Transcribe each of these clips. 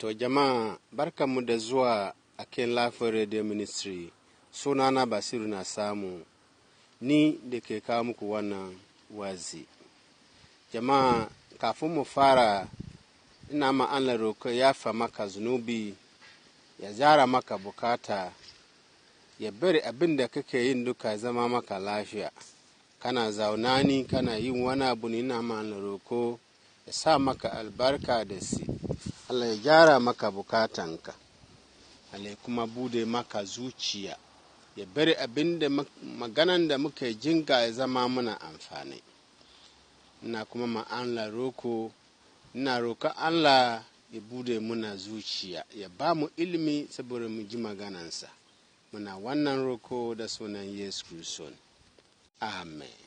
To jama'a barkanmu da zuwa a kan Lafiyar Radio Ministry, sunana Basiru na samu, ni da ke kawo muku wannan wazi. Jama'a kafin mu fara ina ma roƙo ya fa maka zunubi, ya zara maka bukata, ya bari abin da kake yin duka zama maka lafiya. Kana zauna ni kana yin wani abu ne ina ma roƙo, ya sa maka albarka da si. Allah ya gyara maka bukatanka Allah kuma bude maka zuciya ya bari abin da maganan da muka jinga ya zama muna amfani ina kuma ma'anla roko ina roka Allah ya bude muna zuciya ya ba mu ilimi saboda mu ji maganansa muna wannan roko da sunan yesu kriston amen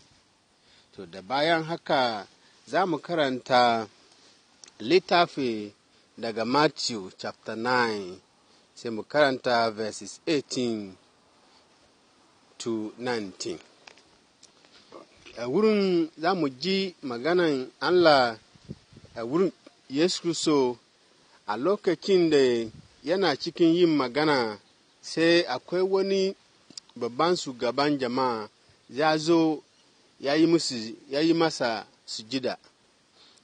to da bayan haka za mu karanta littafi daga Matthew chapter 9 sai mu karanta verses 18 to 19. A wurin za mu ji maganan Allah a wurin Yesu Kristo a lokacin da yana cikin yin magana sai akwai wani babban shugaban jama'a ya zo ya yi masa sujida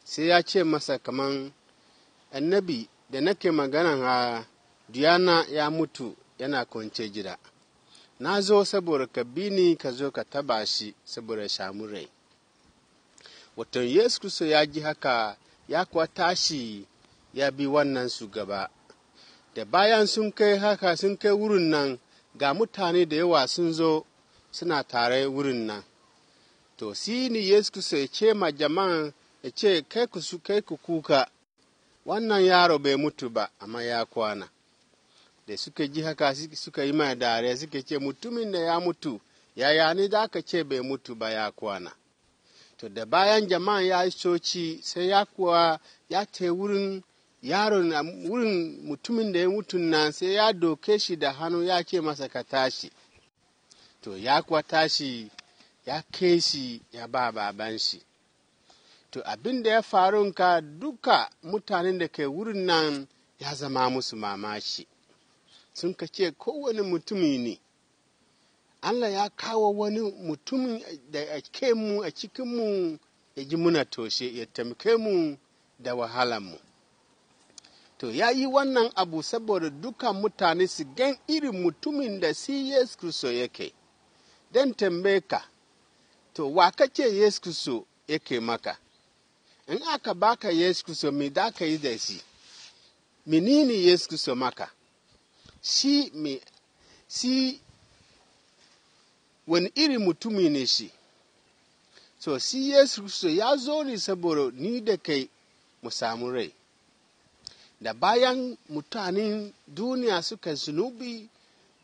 sai ya ce masa kaman annabi da nake maganan a diyana ya mutu yana kwance gida na zo saboda ka bi ni ka zo ka taba shi saboda samu rai wato yesu kristo ya ji haka ya kuwa tashi ya bi wannan su gaba da bayan sun kai haka sun kai wurin nan ga mutane da yawa sun zo suna tare wurin nan to si ni yesu kristo ya ce ma jama'a ya ce kai ku kuka wannan yaro bai mutu ba amma ya kwana da suka ji haka suka yi mai dariya suka ce mutumin da ya mutu ya yani da aka ce bai mutu ba ya kwana to da bayan jama'a ya yi soci sai ya kuwa ya wurin yaron wurin mutumin da ya mutu nan sai ya doke shi da hannu ya ce masa ka tashi to ya kuwa tashi ya kai shi ya ba babanshi. to abin da ya faru ka duka mutanen da ke wurin nan ya zama musu mamashi sun ka ce kowane mutumi ne Allah ya kawo wani mutumin da ke mu a cikinmu ya ji muna toshe ya taimake mu da mu To, ya yi wannan abu saboda dukan mutane su gan irin mutumin da si Yesu Kristo yake, don tambaye ka, to, wa kace Yesu Kristo yake maka? in aka baka yesu kristo me da ka yi da shi menene yesu kristo maka shi me shi wani iri mutumi ne shi so shi yesu kristo ya zo ne saboda ni da kai mu samu rai da bayan mutanen duniya suka zunubi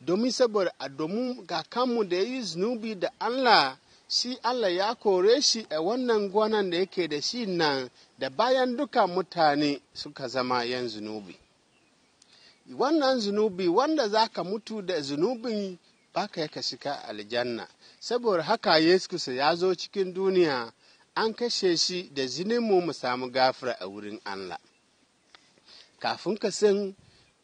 domin saboda a domin kanmu da yi zunubi da allah shi Allah ya kore shi a wannan gonan da yake da shi nan da bayan duka mutane suka zama yan zunubi. Wannan zunubi wanda za ka mutu da zunubin baka ya shiga aljanna, saboda haka Yesu ya zo cikin duniya an kashe shi da zininmu mu samu gafira a wurin Allah. Kafin ka san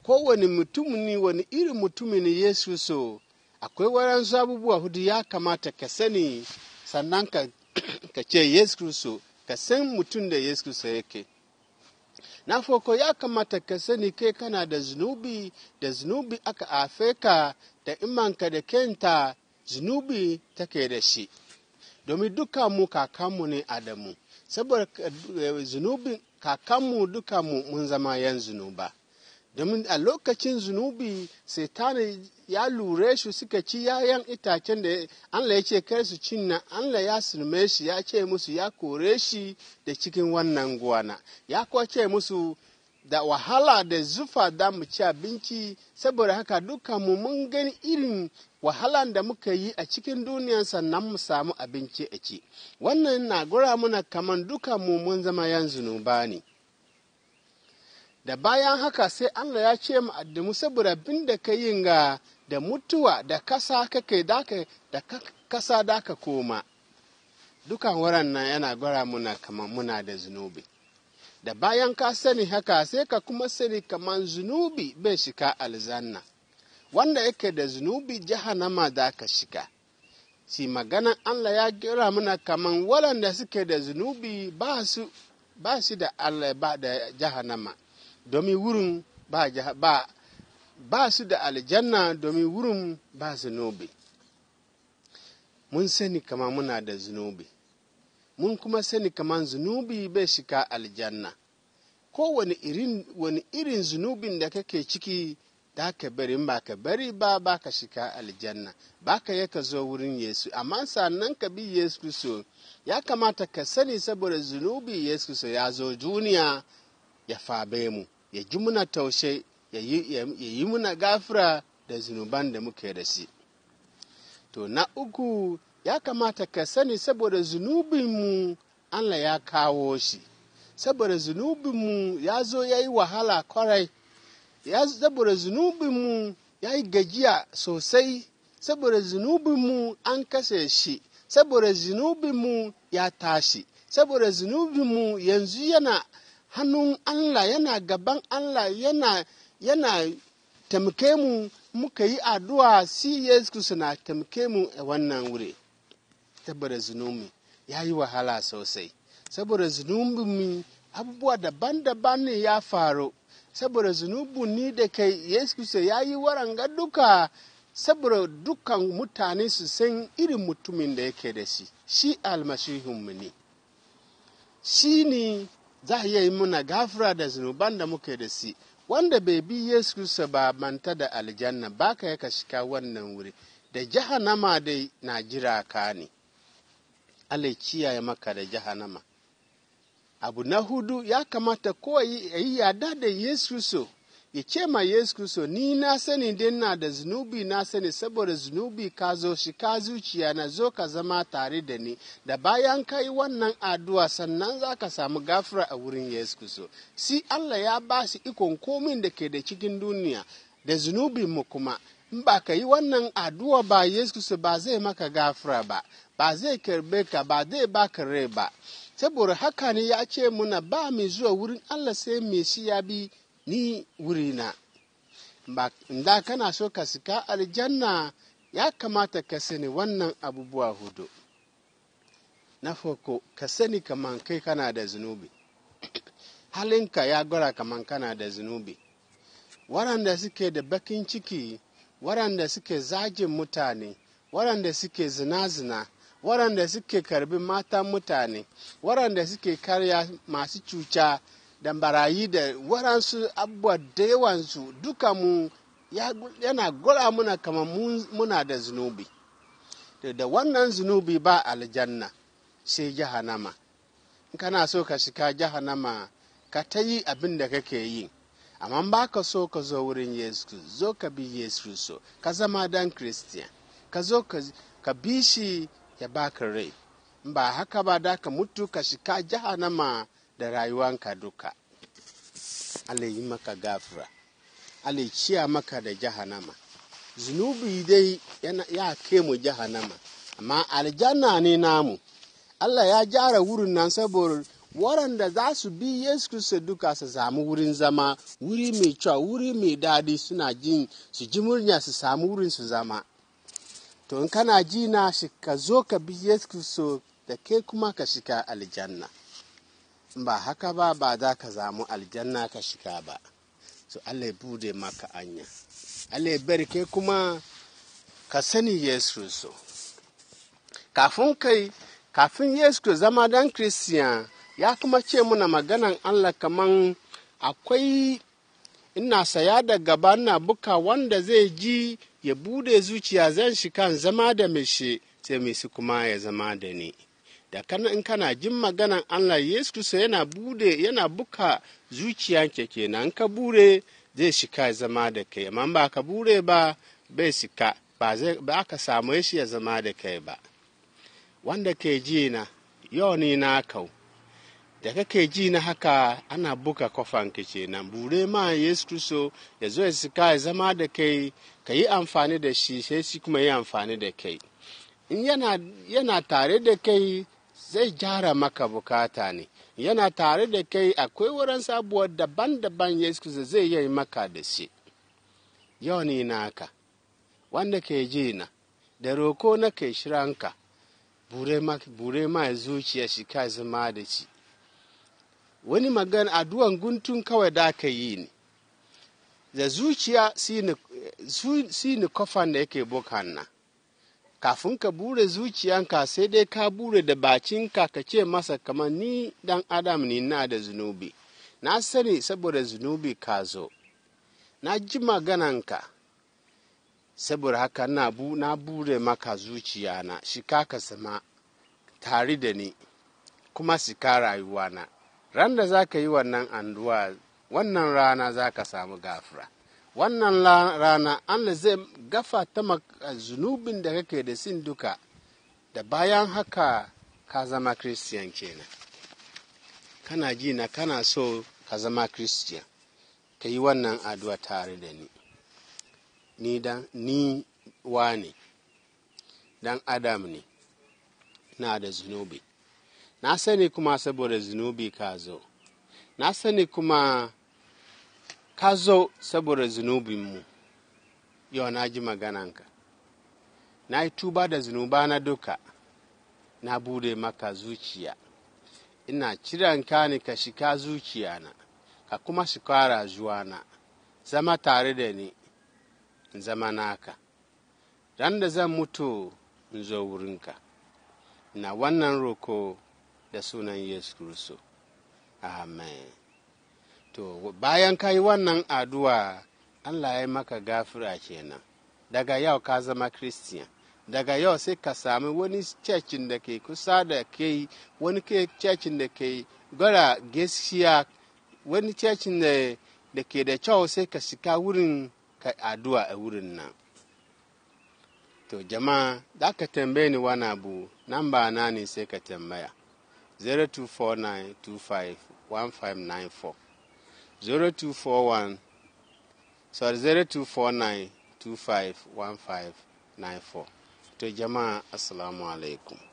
kowane mutum ni wani irin mutum ne Yesu so akwai waran abubuwa hudu ya kamata ka sani sannan ka ce yesu kristo ka san mutum da yesu kristo yake na farko ya kamata ka sani kai kana da zunubi da zunubi aka afe ka da imanka da kenta zunubi take da shi domin duka mu kakanmu ne adamu saboda eh, zunubin kakanmu duka mu mun zama yan zunuba domin a lokacin zunubi satani ya lure shi suka ci yayan itacen da Allah ya ce kai su cin nan Allah ya sulme shi ya ce musu ya kore shi da cikin wannan gwana ya kuwa ce musu da wahala da zufa da mu ci abinci saboda haka duka mu mun gani irin wahalan da muka yi a cikin duniya sannan mu samu abinci a ci wannan na gura muna kaman duka mu mun zama yan zunuba ne da bayan haka sai Allah ya ce mu addimu saboda bin da ka yin ga da mutuwa da kasa kake daka da kasa daka koma dukan waran nan yana gwara muna kamar muna da zunubi da bayan ka sani haka sai ka kuma sani kamar zunubi bai shika alzanna wanda yake da zunubi jahannama da ka shiga si maganan Allah ya gira muna kaman waɗanda suke da zunubi ba su da Allah ba da jahannama domin wurin ba su da aljanna domin wurin ba zunubi mun sani kama muna da zunubi mun kuma sani kama zunubi bai shiga aljanna ko irin wani irin zunubin da kake ciki da ka bari ba ka bari ba ba ka shiga aljanna ba ka yaka zo wurin yesu amma sannan ka bi yesu so ya kamata ka sani saboda zunubi yesu so ya zo duniya ya fabe mu ya ji muna taushe ya yi muna gafira da zunuban da muke da shi to na uku ya kamata ka sani saboda zunubinmu Allah ya kawo shi saboda zunubinmu ya zo ya yi wahala kwarai saboda zunubinmu ya yi gajiya sosai saboda zunubinmu an kashe shi saboda zunubinmu ya tashi saboda zunubinmu yanzu yana hannun Allah yana gaban Allah yana yana tamke mu muka yi addu'a si Yesu suna tamke mu a wannan wuri saboda zunubi ya yi wahala sosai saboda mu abubuwa daban-daban ne ya faru saboda zunubu ni da kai Yesu ya yi waranga duka saboda dukkan mutane su san irin mutumin da yake da shi shi mu ne shi ne za a iya yi muna gafira da zunuban da muke da si wanda bai bi yesu kristo ba manta da aljanna ba ka yaka shiga wannan wuri da jahannama dai na jira ka ne allah kiyaye maka da jahannama abu na hudu ya kamata ko yi yada da yesu kristo ya ce ma Yesu Kristo, Ni na sani dai na da zunubi na sani saboda zunubi ka zo shi ka zuciya na zo ka zama tare da ni, da bayan ka yi wannan addu'a sannan za ka samu gafara a wurin Yesu Kristo. Si Allah ya ba su ikon komin da ke da cikin duniya, da zunubi mu kuma, in ba ka yi wannan addu'a ba Yesu Kristo ba zai maka gafara ba, ba zai karbe ka ba zai baka rai ba. Saboda haka ne ya ce muna ba mai zuwa wurin Allah sai mai shi ya bi ni wurina da kana so ka sika aljanna ya kamata ka sani wannan abubuwa hudu na farko ka sani kaman kai kana da zunubi halinka ya gwara kaman kana da zunubi waɗanda suke da bakin ciki waɗanda suke zagin mutane waɗanda suke zina-zina waɗanda suke karbi matan mutane waranda suke karya masu cuta da barayi da waransu abubuwa da yawansu duka mu yana gura muna kama muna da zunubi da wannan zunubi ba aljanna sai jahannama in kana so ka shiga jahannama ka ta yi abin da kake yi amma ba ka so ka zo wurin yesu zo ka bi yesu so ka zama dan kristiyan ka zo ka bi shi ya baka rai ba haka ba da ka mutu ka shiga jahannama da rayuwanka duka Allah yi maka gafira Allah ciya maka da jahanama zunubi dai ya kai mu jahanama amma aljanna ne namu Allah ya gyara wurin nan saboda waɗanda za su bi Yesu Kiristo duka su samu wurin zama wuri mai kyau wuri mai daɗi suna jin su ji murya su samu wurin su zama to in kana ji na shi ka zo ka bi Yesu Kiristo da ke kuma ka shiga aljanna ba haka ba ba za ka zamu aljanna ka shiga ba so allai bude maka anya allai barke kuma ka sani yesu so kafin kai kafin yesu zama dan kristiyan ya kuma ce muna maganan allah kaman akwai ina saya da gaba na buka wanda zai ji ya bude zuciya zan shi kan zama da mishi sai mai su kuma ya zama da ni da kana in kana jin maganan Allah Yesu Kristo yana bude yana buka zuciyanke kenan ka bure zai shika zama da kai amma ba ka bure ba bai shika ba ba ka samu shi ya zama da kai ba wanda ke ji na yau ni na kau da kake ji na haka ana buka kofanka kenan bure ma yesu kristo ya zo ya shika ya zama da kai ka yi amfani da shi sai shi kuma yi amfani da kai in yana, tare da kai zai gyara maka bukata ne yana tare da kai akwai wurin sabuwar daban-daban yesu zai yi maka da shi yau ni naka wanda ke ji na da roko na ke shiranka bure ma zuciya shi ka zama da shi wani magana adu'an guntun kawai da aka yi ne da zuciya si ni kofan da yake bukan nan kafin ka bure zuciyanka sai dai ka bure da bacinka ka ce masa kamar ni dan adam ne na da zunubi na sani saboda zunubi ka zo na ji magananka saboda haka na bu na bure maka zuciyana shi ka sama tare da ni kuma shi ka rayuwana ran da za ka yi wannan anduwa wannan rana za ka samu gafura wannan rana Allah zai gafa ta zunubin da kake da sin duka da bayan haka ka zama kristiyan kenan kana ji na kana so ka zama kristiyan ka yi wannan addu'a tare da ni ni dan ni wa ne dan adam ne na da zunubi na sani kuma saboda zunubi ka zo na sani kuma ka zo saboda zunubinmu yau na ji magananka na yi tuba da na duka na bude maka zuciya ina ciranka ne ka shika na ka kuma zuwa na zama tare da ni in zama naka ran da zan mutu in zo wurinka na wannan roko da sunan yesu kristo amen to bayan ka yi wannan addu'a allah ya maka gafira kenan daga yau ka zama kristiyan daga yau sai ka sami wani cecin da ke kusa da wani cecin da ke gara gaskiya wani cecin da ke da kyau sai ka shika wurin ka addu'a a wurin nan to jama'a da ka tambaye ni wani abu nan ba na ne sai ka tambaya 0249251594 0241 sorry 0249 251594 to jama'a assalamu alaikum